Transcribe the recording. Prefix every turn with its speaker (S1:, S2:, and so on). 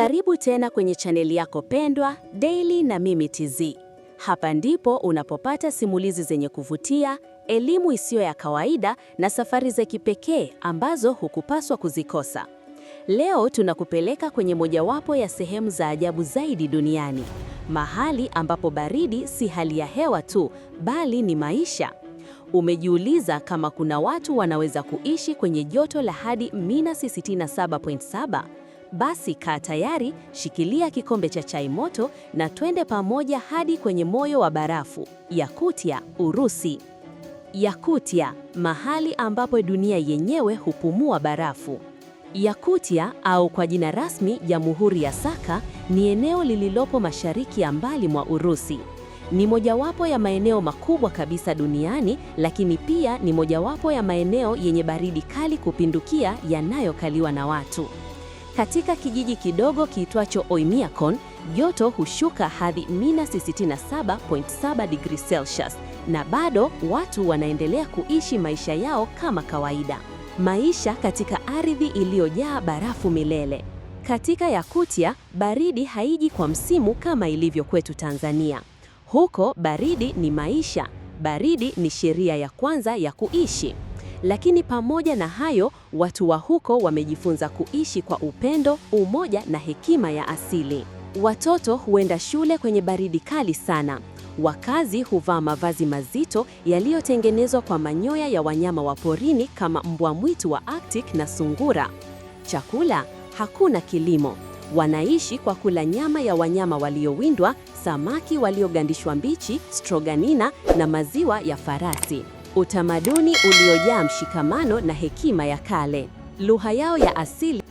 S1: Karibu tena kwenye chaneli yako pendwa Daily na mimi TZ. Hapa ndipo unapopata simulizi zenye kuvutia, elimu isiyo ya kawaida na safari za kipekee ambazo hukupaswa kuzikosa. Leo tunakupeleka kwenye mojawapo ya sehemu za ajabu zaidi duniani, mahali ambapo baridi si hali ya hewa tu, bali ni maisha. Umejiuliza kama kuna watu wanaweza kuishi kwenye joto la hadi minus 67.7? Basi kaa tayari, shikilia kikombe cha chai moto na twende pamoja hadi kwenye moyo wa barafu, Yakutia, Urusi. Yakutia, mahali ambapo dunia yenyewe hupumua barafu. Yakutia au kwa jina rasmi Jamhuri ya Saka ni eneo lililopo mashariki ya mbali mwa Urusi. Ni mojawapo ya maeneo makubwa kabisa duniani, lakini pia ni mojawapo ya maeneo yenye baridi kali kupindukia yanayokaliwa na watu. Katika kijiji kidogo kiitwacho Oimiakon, joto hushuka hadi minus 67.7 degrees Celsius, na bado watu wanaendelea kuishi maisha yao kama kawaida, maisha katika ardhi iliyojaa barafu milele. Katika Yakutia, baridi haiji kwa msimu kama ilivyo kwetu Tanzania. Huko baridi ni maisha, baridi ni sheria ya kwanza ya kuishi. Lakini pamoja na hayo, watu wa huko wamejifunza kuishi kwa upendo, umoja na hekima ya asili. Watoto huenda shule kwenye baridi kali sana. Wakazi huvaa mavazi mazito yaliyotengenezwa kwa manyoya ya wanyama wa porini kama mbwa mwitu wa Arctic na sungura. Chakula, hakuna kilimo. Wanaishi kwa kula nyama ya wanyama waliowindwa, samaki waliogandishwa mbichi, stroganina na maziwa ya farasi utamaduni uliojaa mshikamano na hekima ya kale. Lugha yao ya asili